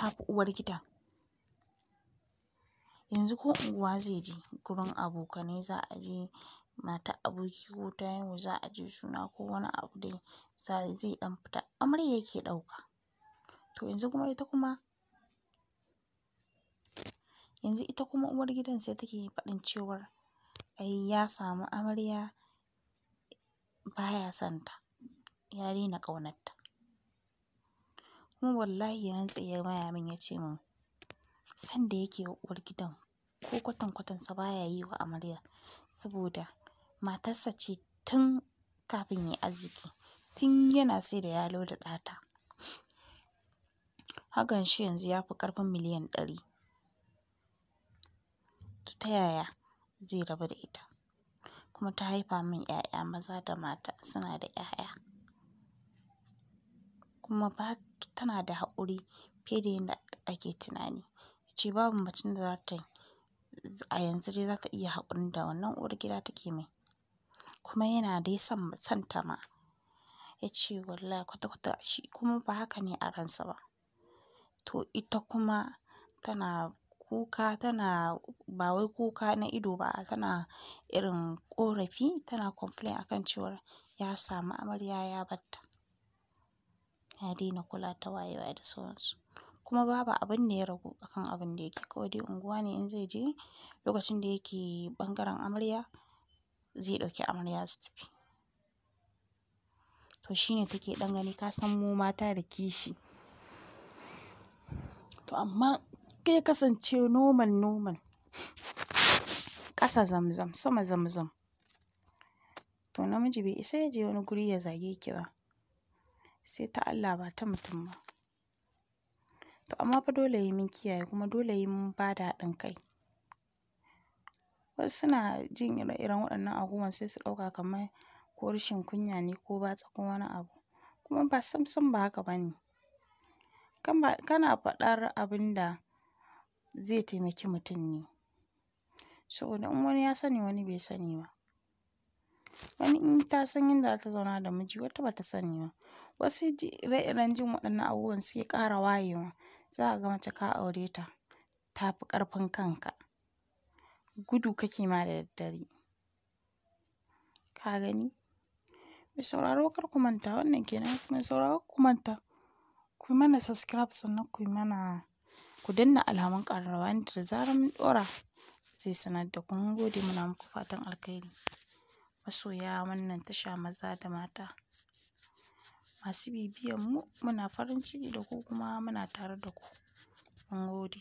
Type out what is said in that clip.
tafi uwar gidan. Yanzu ko unguwa zai je gurin abokanai za a je mata aboki ko ta yau za a je suna ko wani abu dai za zai ɗan fita amarya yake ɗauka. To yanzu kuma ita kuma yanzu ita kuma uwar gidan sai take faɗin cewar ai ya samu amarya baya santa ta, ya daina ƙaunarta. Kuma wallahi ya rantse ya gaya min ya ce min sanda yake uwar gidan ko kwatan kwatankwatansa baya yi wa amarya saboda matarsa ce tun kafin ya yi arziki, tun yana sai da yalo da ɗata. Hakan shi yanzu ya fi ƙarfin miliyan ɗari. ta yaya zai rabu da ita? Kuma ta haifa min 'ya'ya maza da mata suna da 'ya'ya. Kuma ba tana da haƙuri fiye da yadda ake tunani. Ya ce babu macen da za ta yi a yanzu dai za ka iya haƙurin da wannan uwar gida take mai. Kuma yana dai son son ta ma. Ya ce wallahi kwata-kwata shi kuma ba haka ne a ransa ba. To ita kuma tana kuka tana ba wai kuka na ido ba tana irin ƙorafi tana complain akan cewar ya samu amarya ya bar ya daina kula ta wayewa da sauransu. Kuma babu abin da ya ragu akan abin da yake. Kawai dai unguwa ne in zai je lokacin da yake bangaren amarya zai ɗauki amarya su tafi. To shine take ɗan gani ka san mu mata da kishi. To amma kai kasance noman-noman. ƙasa zam sama zam To namiji bai isa ya je wani guri ya zage ki ba. sai ta Allah ba ta mutum ba. To amma fa dole yi mun kiyaye kuma dole yi mun ba da haɗin kai. Wasu suna jin ire-iren waɗannan abubuwan sai su ɗauka kamar ko rashin kunya ne ko batsa ko wani abu. Kuma ba samsam ba haka ba ne. Kana faɗar abin da zai taimaki mutum ne. Saboda in wani ya sani wani bai sani ba. Wani in ta san yadda za ta zauna da miji wata bata sani ba. Wasu ire-iren jin waɗannan abubuwan suke ƙara wayewa. Za a ga mace ka aure ta, ta fi ƙarfin kanka. Gudu kake ma da daddare. Ka gani? Mai sauraro kar ku manta wannan ke Mai sauraro ku manta ku mana subscribe sannan ku mana, ku danna alhamun ƙararrawa da zarar mun ɗora zai sanar da ku. Mun gode muna muku fatan alkhairi. masoya wannan tasha maza da mata. Masu bibiyan mu muna farin ciki da ku kuma muna tare da ku. Mun gode.